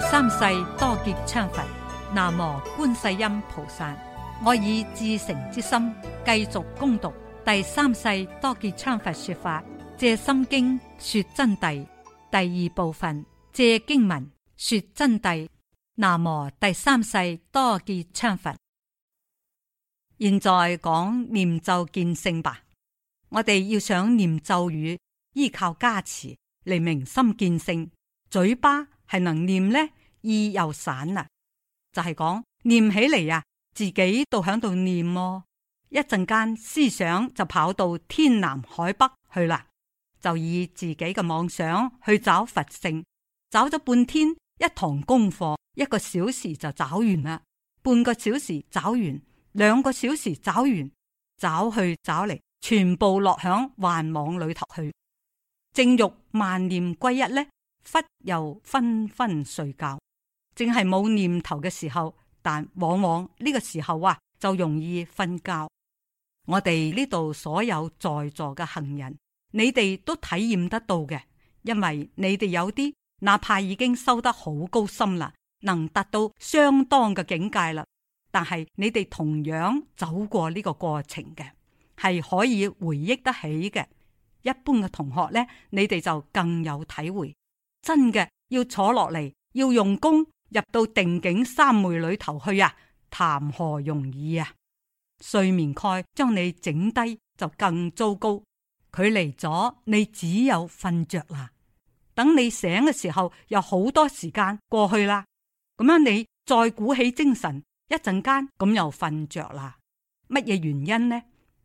第三世多杰羌佛，南無觀世音菩薩。我以至誠之心繼續攻讀第三世多杰羌佛說法，借心經說真諦第二部分，借經文說真諦。南無第三世多杰羌佛。現在講念咒見性吧。我哋要想念咒語，依靠加持嚟，明心見性，嘴巴係能念呢？意又散啦，就係、是、講念起嚟呀、啊，自己都響度念、哦，一陣間思想就跑到天南海北去啦，就以自己嘅妄想去找佛性，找咗半天，一堂功課一個小時就找完啦，半個小時找完，兩個小時找完，找去找嚟，全部落響幻網裏頭去，正欲萬念歸一呢，忽又紛紛睡覺。正係冇念頭嘅時候，但往往呢個時候啊，就容易瞓覺。我哋呢度所有在座嘅行人，你哋都體驗得到嘅，因為你哋有啲哪怕已經修得好高深啦，能達到相當嘅境界啦，但係你哋同樣走過呢個過程嘅，係可以回憶得起嘅。一般嘅同學呢，你哋就更有體會。真嘅要坐落嚟，要用功。入到定境三昧裏頭去啊，談何容易啊！睡眠蓋將你整低就更糟糕，佢嚟咗，你只有瞓着啦。等你醒嘅時候，有好多時間過去啦。咁樣你再鼓起精神，一陣間咁又瞓着啦。乜嘢原因呢？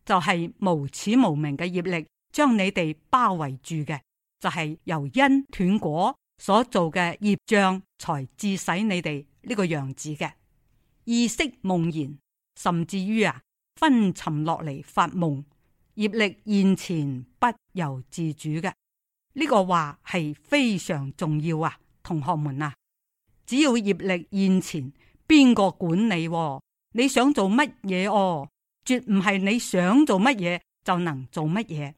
就係、是、無始無明嘅業力將你哋包圍住嘅，就係、是、由因斷果。所做嘅業障，才致使你哋呢個樣子嘅意識夢然，甚至於啊昏沉落嚟發夢，業力現前不由自主嘅呢個話係非常重要啊，同學們啊，只要業力現前，邊個管你哦？你想做乜嘢哦？絕唔係你想做乜嘢就能做乜嘢。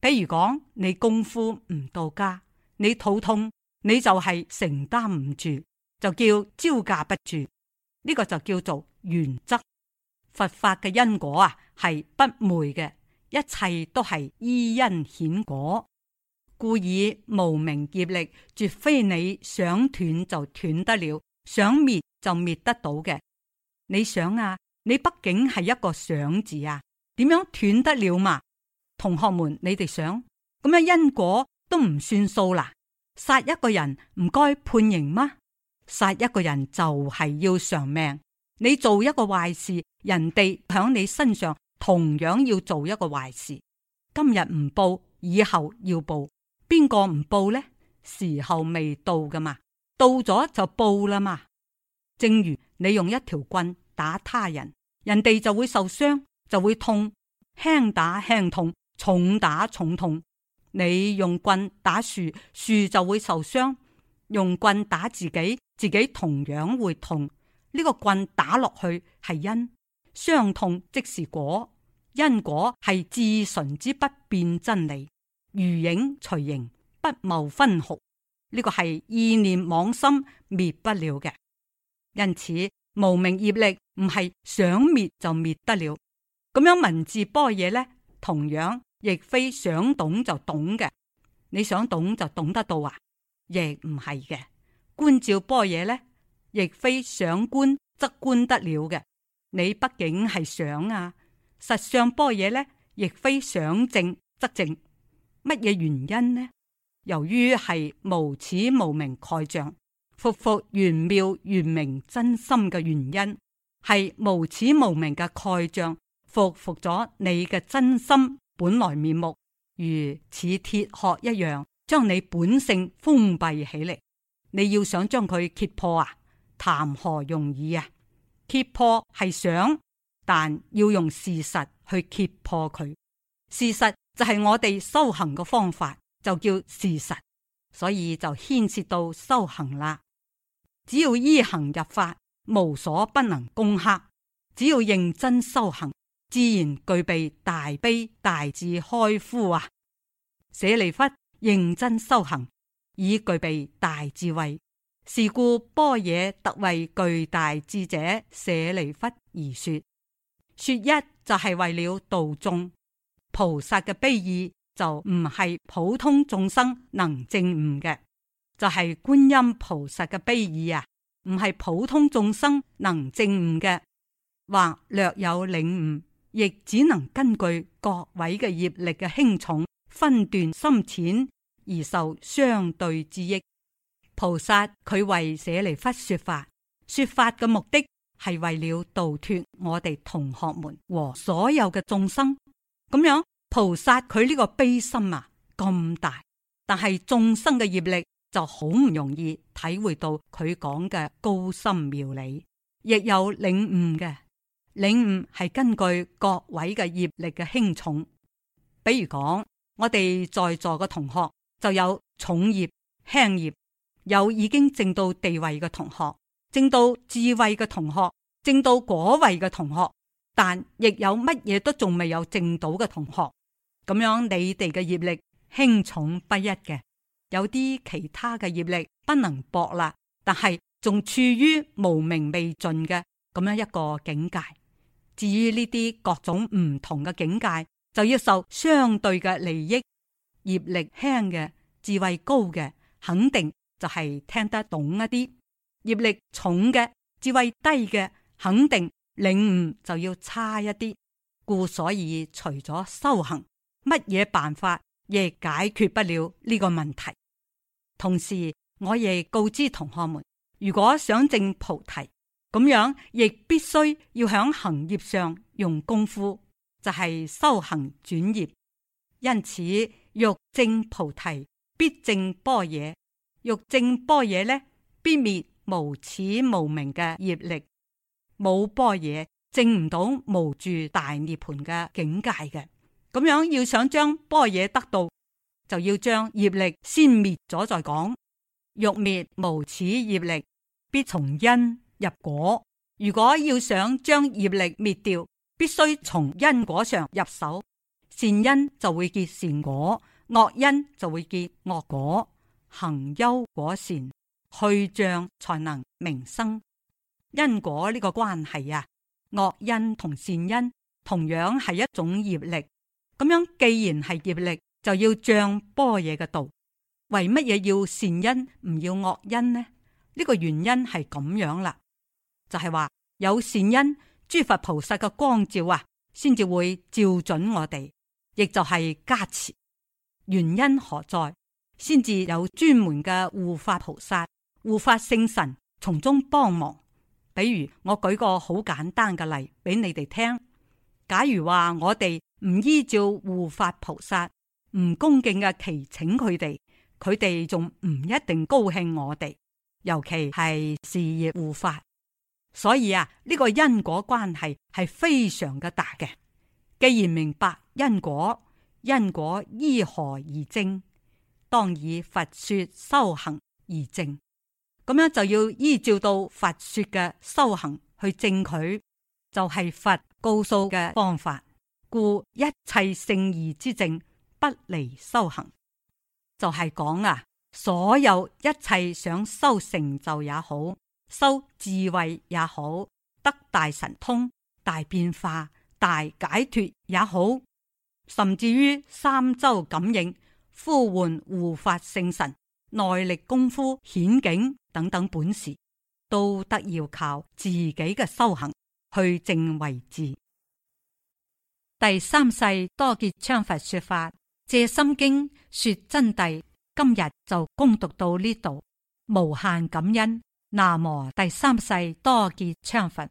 比如講你功夫唔到家，你肚痛。你就係承擔唔住，就叫招架不住，呢、這個就叫做原則。佛法嘅因果啊，係不昧嘅，一切都係依因顯果，故以無明業力，絕非你想斷就斷得了，想滅就滅得到嘅。你想啊，你畢竟係一個想字啊，點樣斷得了嘛？同學們，你哋想咁樣因果都唔算數啦。殺一個人唔該判刑嗎？殺一個人就係要償命。你做一個壞事，人哋響你身上同樣要做一個壞事。今日唔報，以後要報。邊個唔報呢？時候未到噶嘛，到咗就報啦嘛。正如你用一條棍打他人，人哋就會受傷，就會痛。輕打輕痛，重打重痛。你用棍打樹，樹就會受傷；用棍打自己，自己同樣會痛。呢、這個棍打落去係因，傷痛即是果。因果係至純之不變真理，如影隨形，不謀分毫。呢、這個係意念妄心滅不了嘅，因此無明業力唔係想滅就滅得了。咁樣文字般若呢，同樣。亦非想懂就懂嘅，你想懂就懂得到啊？亦唔係嘅。觀照般若咧，亦非想觀則觀得了嘅。你畢竟係想啊。實相般若咧，亦非想證則證。乜嘢原因呢？由於係無始無明蓋障，覆覆玄妙玄明真心嘅原因，係無始無明嘅蓋障，覆覆咗你嘅真心。本來面目如似鐵殼一樣，將你本性封閉起嚟。你要想將佢揭破啊，談何容易啊？揭破係想，但要用事實去揭破佢。事實就係我哋修行嘅方法，就叫事實。所以就牽涉到修行啦。只要依行入法，無所不能攻克。只要認真修行。自然具備大悲大智開敷啊！舍利弗認真修行，已具備大智慧，是故般若特為巨大智者舍利弗而說。說一就係為了道眾菩薩嘅悲意，就唔係普通眾生能證悟嘅，就係、是、觀音菩薩嘅悲意啊！唔係普通眾生能證悟嘅，或略有領悟。亦只能根據各位嘅業力嘅輕重、分段深淺而受相對之益。菩薩佢為舍利弗說法，說法嘅目的係為了度脱我哋同學們和所有嘅眾生。咁樣菩薩佢呢個悲心啊咁大，但係眾生嘅業力就好唔容易體會到佢講嘅高深妙理，亦有領悟嘅。領悟係根據各位嘅業力嘅輕重，比如講，我哋在座嘅同學就有重業、輕業，有已經證到地位嘅同學，證到智慧嘅同學，證到果位嘅同學，但亦有乜嘢都仲未有證到嘅同學。咁樣你哋嘅業力輕重不一嘅，有啲其他嘅業力不能博啦，但係仲處於無明未盡嘅咁樣一個境界。至於呢啲各種唔同嘅境界，就要受相對嘅利益。業力輕嘅智慧高嘅肯定就係聽得懂一啲，業力重嘅智慧低嘅肯定領悟就要差一啲。故所以除咗修行，乜嘢辦法亦解決不了呢個問題。同時，我亦告知同學們，如果想證菩提。咁樣亦必須要喺行業上用功夫，就係、是、修行轉業。因此，欲證菩提，必證般若；欲證般若呢，必滅無始無明嘅業力。冇般若，證唔到無住大涅槃嘅境界嘅。咁樣要想將般若得到，就要將業力先滅咗再講。欲滅無始業力，必從因。入果，如果要想將業力滅掉，必須從因果上入手。善因就會結善果，惡因就會結惡果。行修果善，去障才能明生因果呢個關係啊！惡因同善因同樣係一種業力，咁樣既然係業力，就要障波嘢嘅道。為乜嘢要善因唔要惡因呢？呢個原因係咁樣啦。就係話有善因，諸佛菩薩嘅光照啊，先至會照準我哋，亦就係加持。原因何在？先至有專門嘅護法菩薩、護法聖神從中幫忙。比如我舉個好簡單嘅例俾你哋聽。假如話我哋唔依照護法菩薩、唔恭敬嘅祈請佢哋，佢哋仲唔一定高興我哋。尤其係事業護法。所以啊，呢、這個因果關係係非常嘅大嘅。既然明白因果，因果依何而正？當以佛說修行而正。咁樣就要依照到佛說嘅修行去證佢，就係、是、佛告訴嘅方法。故一切勝義之正不離修行。就係、是、講啊，所有一切想修成就也好。修智慧也好，得大神通、大變化、大解脱也好，甚至於三周感應、呼喚護法聖神、耐力功夫、險境等等本事，都得要靠自己嘅修行去正為治。第三世多杰羌佛說法《借心經》說真諦，今日就攻讀到呢度，無限感恩。南無第三世多杰羌佛。